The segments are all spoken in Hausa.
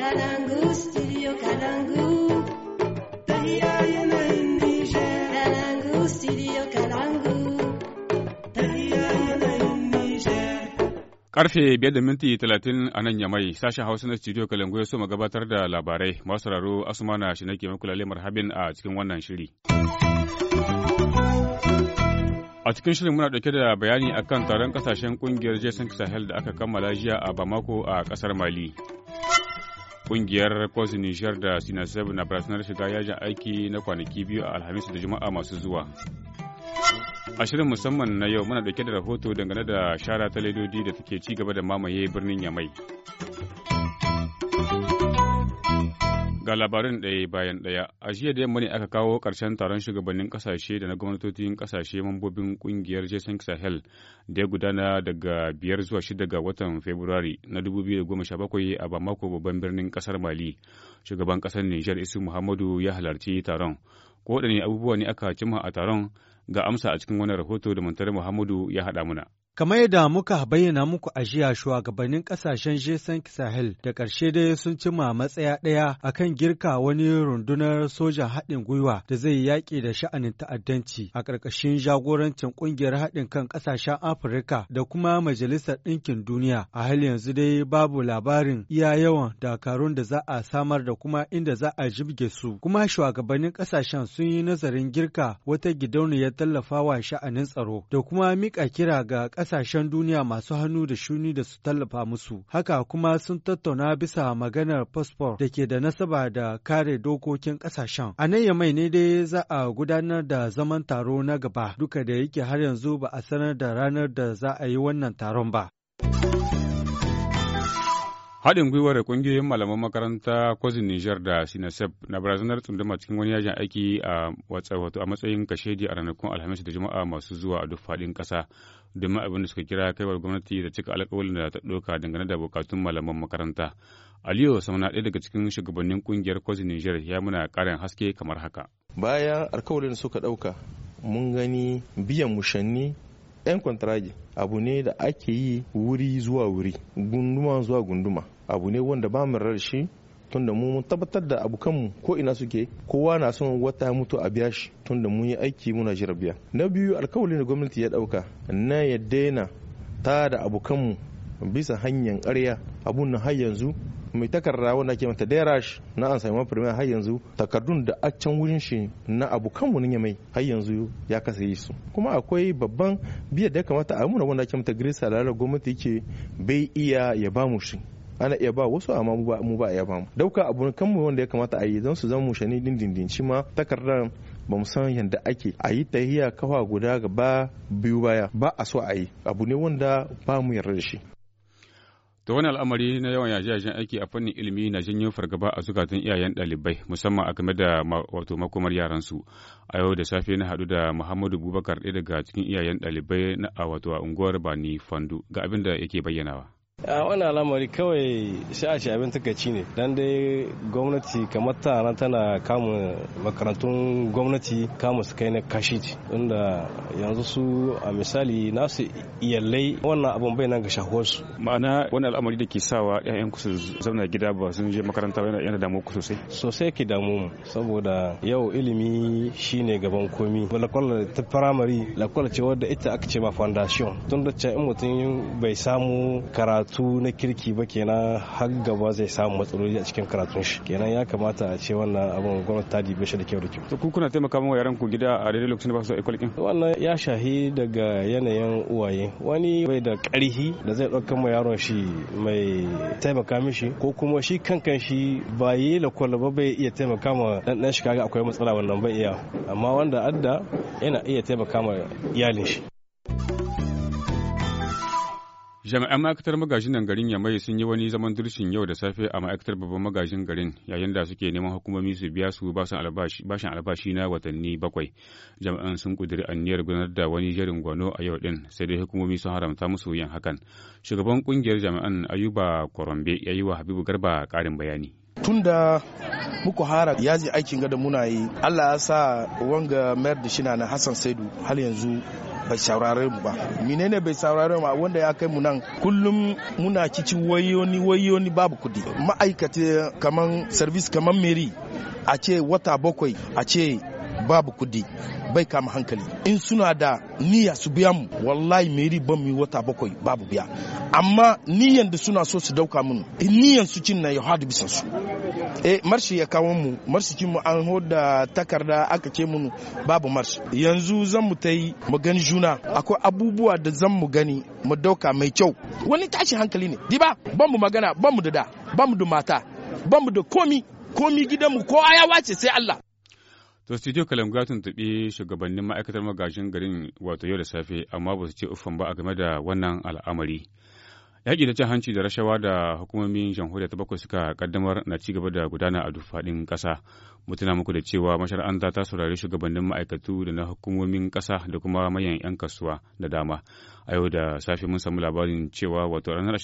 Karfe biyar da minti talatin a nan yamai sashen Hausa na studio Kalangu ya so gabatar da labarai masu sauraro Asumana shi nake muku lalle marhabin a cikin wannan shiri. A cikin shirin muna dauke da bayani akan taron kasashen kungiyar Jason Sahel da aka kammala jiya a Bamako a ƙasar Mali. Kungiyar Kwasi Nishar da Sinaseb na barazanar shiga yajin aiki na kwanaki biyu a Alhamis da Juma'a masu zuwa. A shirin musamman na yau muna dauke da rahoto dangane da shara ta ledodi da take ci gaba da mamaye birnin Yamai. Ga labarin ɗaya bayan ɗaya, a jiya da yamma ne aka kawo ƙarshen taron shugabannin ƙasashe da na gwamnatocin ƙasashe mambobin ƙungiyar Jason Sahel da ya gudana daga biyar zuwa shida ga watan Fabrairu na 2017 a Bamako babban birnin ƙasar Mali. Shugaban ƙasar niger Isu Muhammadu ya halarci taron. Ko waɗanne abubuwa ne aka cimma a taron ga amsa a cikin wani rahoto da Muhammadu ya haɗa muna. Kamar yadda muka bayyana muku a jiya shugabannin kasashen Jason Sahel da ƙarshe dai sun cima matsaya ɗaya a kan girka wani rundunar sojan haɗin gwiwa da zai yaƙi da sha'anin ta'addanci a ƙarƙashin jagorancin ƙungiyar haɗin kan ƙasashen Afirka da kuma Majalisar Ɗinkin Duniya. A hali yanzu dai babu labarin iya yawan dakarun da za a samar da kuma inda za a jibge su. Kuma shugabannin ƙasashen sun yi nazarin girka wata gidauniyar tallafawa sha'anin tsaro da kuma mika kira ga ƙasashen duniya masu hannu da shuni da su tallafa musu. Haka kuma sun tattauna bisa maganar fasfor da ke da nasaba da kare dokokin ƙasashen. A nan Yamai ne dai za a gudanar da zaman taro na gaba duka da yake har yanzu ba a sanar da ranar da za a yi wannan taron ba. Haɗin gwiwar ƙungiyoyin malaman makaranta kwazin Nijar da Sinasef na barazanar tsunduma cikin wani yajin aiki a wato a matsayin kashedi a ranakun Alhamis da Juma'a masu zuwa a duk faɗin ƙasa domin abin da suka kira kaiwar gwamnati da cika alƙawalin da ta ɗauka dangane da bukatun malaman makaranta. Aliyu Samana ɗaya daga cikin shugabannin ƙungiyar kwazin Nijar ya muna ƙarin haske kamar haka. Bayan da suka ɗauka mun gani biyan mushanni 'yan kwantaragi abu ne da ake yi wuri zuwa wuri gunduma zuwa gunduma abu ne wanda ba mu shi tunda mu mun tabbatar da abokanmu ko ina suke kowa na son wata mutu a biya shi tunda mun yi aiki muna jira biya na biyu alkawali da gwamnati ya dauka na ya daina ta da abokanmu bisa hanyar karya abun nan har yanzu mai takarda wanda ke mata rash na an sami premier har yanzu takardun da a can wurin shi na abokanmu ne mai har yanzu ya kasa yi su kuma akwai babban biyar da ya kamata a muna wanda ke mata grisa lalata gwamnati yake bai iya ya bamu shi ana iya ba wasu amma mu ba mu ba iya ba mu dauka abu kan mu wanda ya kamata a yi don su zama mu shani din shi ma takardar ba mu san yadda ake a yi tahiya kafa guda gaba biyu baya ba a so a yi abu ne wanda ba mu yarda da shi da wani al'amari na yawan yaje-yajen aiki a fannin ilimi na janyo fargaba a zukatan iyayen ɗalibai musamman a game da wato makomar yaransu a yau da safe na hadu da muhammadu bubakar ɗaya daga cikin iyayen ɗalibai na a wato a unguwar bani fandu ga abin da yake bayyanawa a wani al'amari kawai sha'ashi abin takaici ne dan dai gwamnati kamar ta tana kama makarantun gwamnati kama su kai na kashi inda yanzu su a misali nasu iyalai wannan abin bai nan ga shahuwarsu ma'ana wani al'amari da ke sawa 'ya'yan ku su zauna gida ba sun je makaranta ba yana damu ku sosai sosai ke damu mu saboda yau ilimi shine gaban komi lakwal ta firamare lakwal ce wadda ita aka ce ma foundation tun da in mutum bai samu karatu karatu na kirki ba kenan har gaba zai samu matsaloli a cikin karatun shi kenan ya kamata a ce wannan abin gwamnati ta dibe shi da kyau da kyau ku kuna taimaka wa yaran ku gida a daidai lokacin da ba su da ikwalkin wannan ya shahi daga yanayin uwaye wani bai da karhi da zai dauka ma yaron shi mai taimaka mishi ko kuma shi kankan shi ba yi kwallo ba bai iya taimaka ma ɗan shi kaga akwai matsala wannan bai iya amma wanda adda yana iya taimaka ma iyalin shi Jami'an ma'aikatar magajin garin Yamai sun yi wani zaman dirshin yau da safe a ma'aikatar babban magajin garin yayin da suke neman hukumomi su biya su bashin albashi na watanni bakwai. Jami'an sun kudiri aniyar gudanar da wani jerin gwano a yau ɗin sai dai hukumomi sun haramta musu yin hakan. Shugaban ƙungiyar jami'an Ayuba Korombe ya yi wa Habibu Garba ƙarin bayani. tun da muku hara yaji aikin gada muna yi Allah ya sa wanga mayar da shi na Hassan Saidu hal yanzu bai saurare mu ba menene bai saurare mu wanda ya kai mu nan kullum muna cici wayoni wayoni babu kudi ma'aikata kaman service kaman meri a ce wata bakwai a ce babu kudi bai kama hankali in suna da niyya su biya mu wallahi meri ban mu wata bakwai babu biya amma niyan da suna so su dauka mun niyyan su cin na yahadu hadu bisan su eh marshi ya kawo mu marshikin mu an hoda takarda aka ce mu babu marshi yanzu zan mu ta mu gani juna akwai abubuwa da zan mu gani mu dauka mai kyau wani tashi hankali ne diba ban mu magana ban mu da da ban mu da mata ban mu da komi komi mu ko aya wace sai Allah To studio Kalamga ya tuntubi shugabannin ma'aikatar magajin garin wato yau da safe amma ba su ce uffan ba a game da wannan al'amari. yaƙi da cin hanci da rashawa da hukumomin jamhuriyar ta bakwai suka kaddamar na ci gaba da gudana a dufaɗin ƙasa mutuna muku da cewa mashara'anta ta saurari shugabannin ma'aikatu da na hukumomin ƙasa da kuma mayan 'yan kasuwa da dama a yau da safe mun samu labarin cewa wato ranar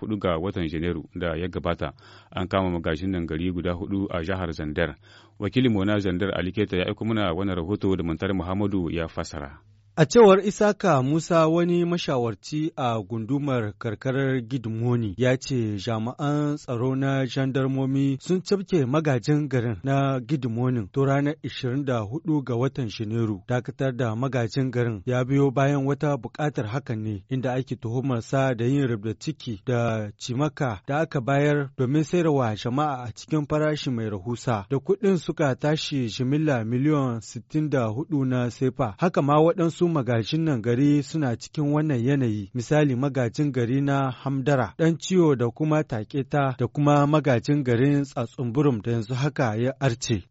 hudu ga watan janairu da ya gabata an kama magajin nan gari guda hudu a jihar zandar wakilin mona zandar aliketa ya aiko mana wani rahoto da muntar muhammadu ya fasara. A cewar Isaka Musa wani mashawarci a gundumar karkarar Gidmoni ya ce jama'an tsaro na jandarmomi sun cafke magajin garin na Gidmonin to ranar 24 ga watan Shineru. Dakatar da magajin garin ya biyo bayan wata bukatar hakan ne inda ake tuhumarsa da yin rubda ciki da cimaka da aka bayar domin sayarwa jama'a a cikin farashi mai rahusa da kuɗin suka tashi jimilla miliyan 64 na sefa. Haka ma waɗansu magajin nan gari suna cikin wannan yanayi misali magajin gari na hamdara dan ciwo da kuma taketa da kuma magajin garin tsatsumburum da yanzu haka ya arce.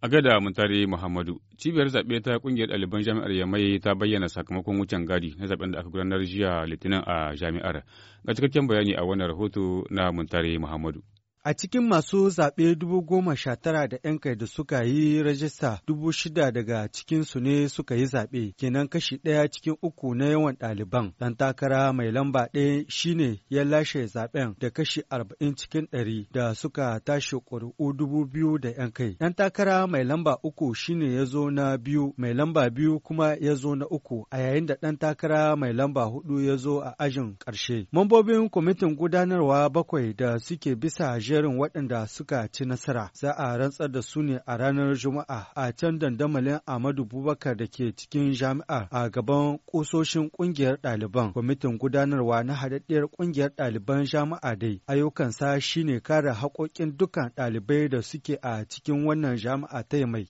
A gada Muntari Muhammadu, cibiyar zaɓe ta ƙungiyar ɗaliban jami'ar Yamai ta bayyana sakamakon wucin gadi na zaɓen da aka gudanar jiya Litinin a jami'ar. Ga cikakken bayani a wannan rahoto na Muntari Muhammadu. A cikin masu zaɓe dubu goma sha tara da 'yan kai da suka yi rajista dubu shida daga cikinsu ne suka yi zaɓe, kenan kashi ɗaya cikin uku na yawan ɗaliban. Ɗan takara mai lamba ɗaya shine ya lashe zaɓen da kashi arba'in cikin ɗari da suka tashi ƙuri'u dubu biyu da 'yan kai. Ɗan takara mai lamba uku shine ya zo na biyu, mai lamba biyu kuma ya zo na uku, a yayin da ɗan takara mai lamba hudu ya zo a ajin ƙarshe. Mambobin kwamitin gudanarwa bakwai da suke bisa jerin waɗanda suka ci nasara za a rantsar da su ne a ranar Juma'a a can dandamalin Amadu Bubakar da ke cikin jami'ar a gaban ƙusoshin ƙungiyar ɗaliban. Kwamitin gudanarwa na haɗaɗɗiyar ƙungiyar ɗaliban jami'a dai ayyukansa shine kare haƙoƙin dukkan ɗalibai da suke a cikin wannan jami'a ta mai.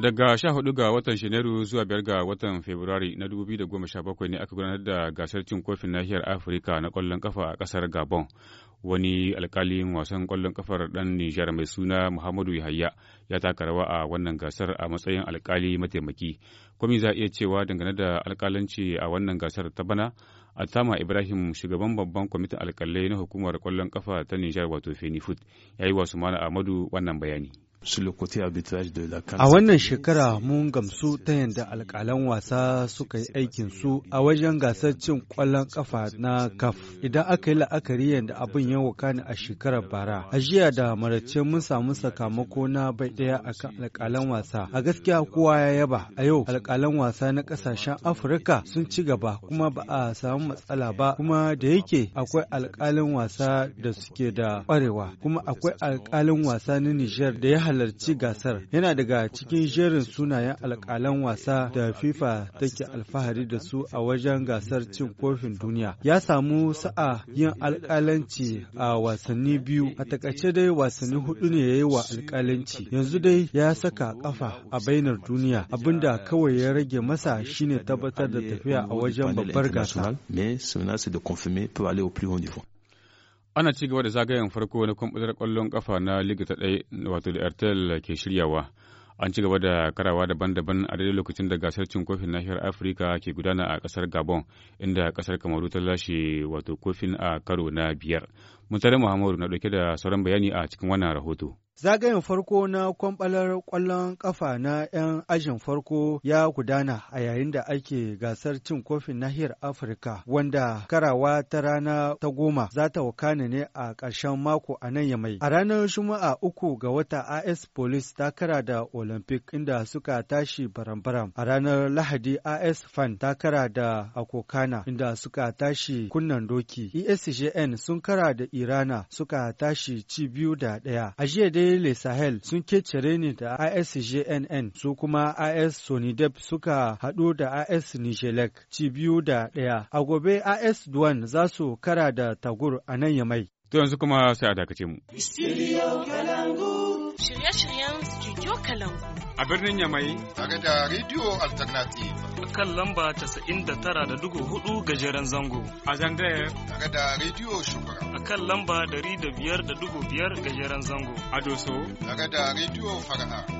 Daga sha hudu ga watan Janairu zuwa biyar ga watan Fabrairu na bakwai ne aka gudanar da gasar cin kofin nahiyar Afirka na kwallon kafa a kasar Gabon. Wani alkalin wasan kwallon kafar ɗan Nijar mai suna Muhammadu Yahaya ya taka rawa a wannan gasar a matsayin alkali mataimaki. Kwami za iya cewa dangane da alkalanci a wannan gasar ta bana, Atama Ibrahim shugaban babban kwamitin alkalai na hukumar kwallon kafa ta Nijar wato Fenifut ya yi wasu mana amadu wannan bayani. A wannan shekara mun gamsu ta yadda alƙalan wasa suka yi aikin su a wajen gasar cin ƙwallon ƙafa na CAF. Idan aka yi la'akari yadda abin ya ni a shekarar bara, a jiya da marace mun samu sakamako na bai ɗaya a kan alƙalan wasa. A gaskiya kowa ya yaba, a yau alƙalan wasa na ƙasashen Afirka sun ci gaba kuma ba a samu matsala ba kuma da yake akwai alƙalin wasa da suke da ƙwarewa kuma akwai alƙalin wasa na Nijar da ya halarci gasar yana daga cikin jerin sunayen alƙalan wasa da FIFA take alfahari da su a wajen gasar cin kofin duniya. Ya samu sa'a yin alƙalanci a wasanni biyu, a takaice dai wasanni hudu ne ya yi wa alƙalanci. Yanzu dai ya saka kafa a bainar duniya, abinda kawai ya rage masa shine tabbatar da tafiya a wajen babbar gasar. ana ci gaba da zagayen farko na kwamfutar kwallon kafa na liga ta ɗaya wato da artel ke shiryawa an ci gaba da karawa daban-daban a daidai lokacin da gasar cin kofin nahiyar afirka ke gudana a kasar gabon inda kasar kamaru ta lashe wato kofin a karo na biyar mutane muhammadu na ɗauke da sauran bayani a cikin wannan rahoto Zagayen farko na kwamɓalar ƙwallon ƙafa na 'yan ajin farko ya gudana a yayin da ake gasar cin kofin nahiyar Afirka wanda karawa ta rana ta goma za ta wakana ne a ƙarshen mako a nan yamai. A ranar Juma'a uku ga wata AS Police ta kara da Olympic inda suka tashi baram-baram. A ranar Lahadi AS Fan ta kara da Akokana inda suka tashi kunnan doki. ESGN sun kara da Irana suka tashi ci biyu da ɗaya. A jiya dai le Sahel sun kecere ni da ISJNN su kuma IS Sonidep suka haɗu da IS Nijelek ci biyu da ɗaya. A gobe IS Duwan za su kara da Tagur a nan Yamai. To yanzu kuma sai a dakace mu. shirye-shiryen Studio Kalangu. A birnin Yamai. Tare da Radio Alternative. Kan lamba 99.4 gajeren zango. A Zandaya. Tare da Radio Shukura. A kan lamba 105.5 gajeren zango. A Doso. Tare da Radio Fara'a.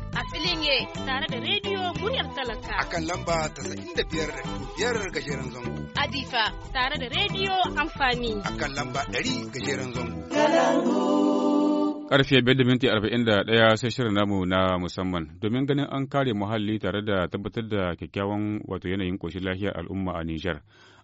a filin ye tare da rediyo muryar talaka a kan lamba ta da biyar biyar gajeren zango adifa tare da rediyo amfani a kan lamba ɗari gajeren zango karfe biyar da minti arba'in da ɗaya sai shirin namu na musamman domin ganin an kare muhalli tare da tabbatar da kyakkyawan wato yanayin ƙoshin lafiyar al'umma a nijar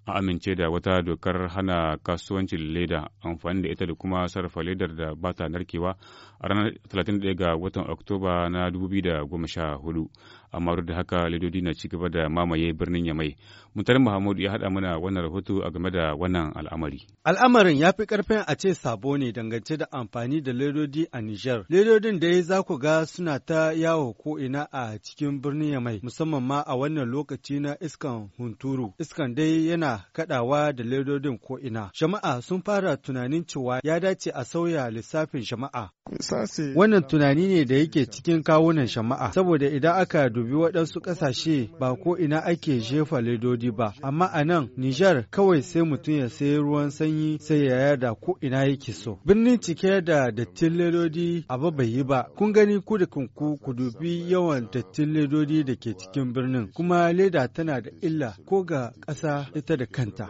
a amince da wata dokar hana kasuwancin leda amfani da ita da kuma sarrafa ledar da ba ta narkewa a ranar 31 ga watan Oktoba na 2014. Amma duk da haka ledodi na ci gaba da mamaye birnin Yamai. Muntar Muhammadu ya haɗa mana wannan rahoto a game da wannan al'amari. Al'amarin ya fi ƙarfin a ce sabo ne dangance da amfani da ledodi a Nijar. Ledodin da ya za ku ga suna ta yawo ko ina a cikin birnin Yamai musamman ma a wannan lokaci na iskan hunturu. Iskan dai yana kaɗawa da ledodin ko ina. Jama'a sun fara tunanin cewa ya dace a sauya lissafin jama'a. Wannan tunani ne da yake cikin kawunan shama'a, saboda idan aka dubi waɗansu ƙasashe ba ko ina ake jefa ledodi ba, amma a nan Nijar kawai sai mutum ya sayi ruwan sanyi sai ya yada ko ina yake so. Birnin cike da dattin ledodi abu bai yi ba, kun gani ku da kanku ku dubi yawan dattin ledodi da ke cikin birnin, kuma leda tana da illa ko ga ƙasa ita da kanta.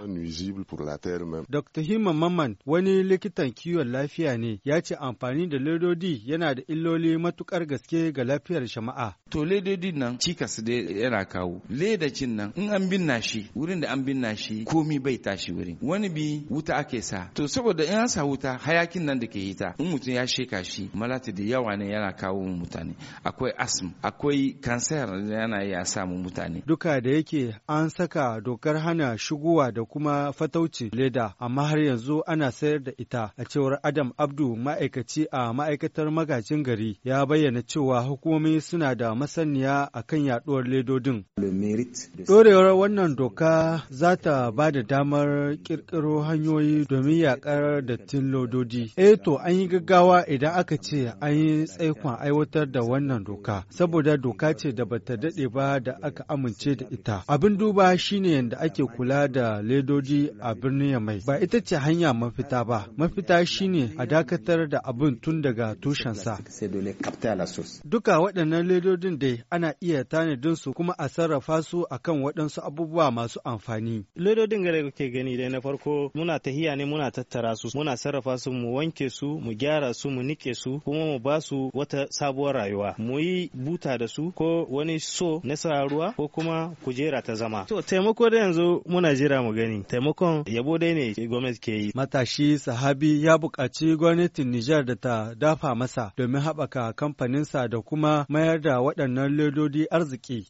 Dr. Hima Maman wani likitan kiwon lafiya ne ya ce amfani da ledodi ledodi yana da illoli matukar gaske ga lafiyar shama'a. To ledodi nan cikas da yana kawo. Ledacin nan in an binna shi wurin da an binna shi komi bai tashi wurin. Wani bi wuta ake sa. To saboda in an sa wuta hayakin nan da ke yi in mutum ya sheka shi malati da yawa ne yana kawo mutane. Akwai asm akwai kansar yana sa mu mutane. Duka da yake an saka dokar hana shigowa da kuma fatauci leda amma har yanzu ana sayar da ita a cewar Adam Abdu ma'aikaci a ma'aikaci ma'aikatar magajin gari ya bayyana cewa hukumomi suna da masaniya a kan yaɗuwar ledodin. Ɗorewar wannan doka za ta ba da damar kirkiro hanyoyi domin yaƙar dattin lododi. Eh to an yi gaggawa idan aka ce an yi tsaikon aiwatar da wannan doka, saboda doka ce da bata daɗe ba da aka amince da ita. Abin duba shine yadda ake kula da ledodi a birnin Yamai. Ba ita ce hanya mafita ba, mafita shine a dakatar da abin tun daga tushensa. Duka waɗannan ledodin dai ana iya tanadin su kuma a sarrafa su a kan waɗansu abubuwa masu amfani. Ledodin gare kuke gani dai na farko muna tahiya ne muna tattara su muna sarrafa su mu wanke su mu gyara su mu nike su kuma mu ba su wata sabuwar rayuwa mu yi buta da su ko wani so na ruwa ko kuma kujera ta zama. To taimako da yanzu muna jira mu gani taimakon yabo dai ne gwamnati ke yi. Matashi sahabi ya buƙaci gwamnatin Nijar da ta dafa shafa masa domin haɓaka kamfaninsa da kuma mayar da waɗannan ledodi arziki.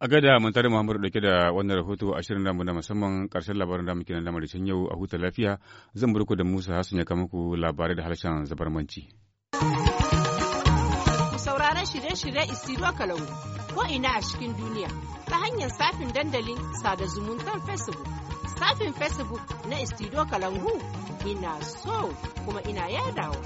A gada mun tare Muhammadu dauke da wannan rahoto a shirin namu na musamman karshen labarin da muke nan da yau a huta lafiya zan burku da Musa Hassan ya kama ku labarai da harshen zabarmanci. Sauraron shirye-shirye Isidro Kalangu ko ina a cikin duniya ta hanyar safin dandalin sada zumuntar Facebook. kafin facebook na istido kalangu ina so kuma ina yadawa.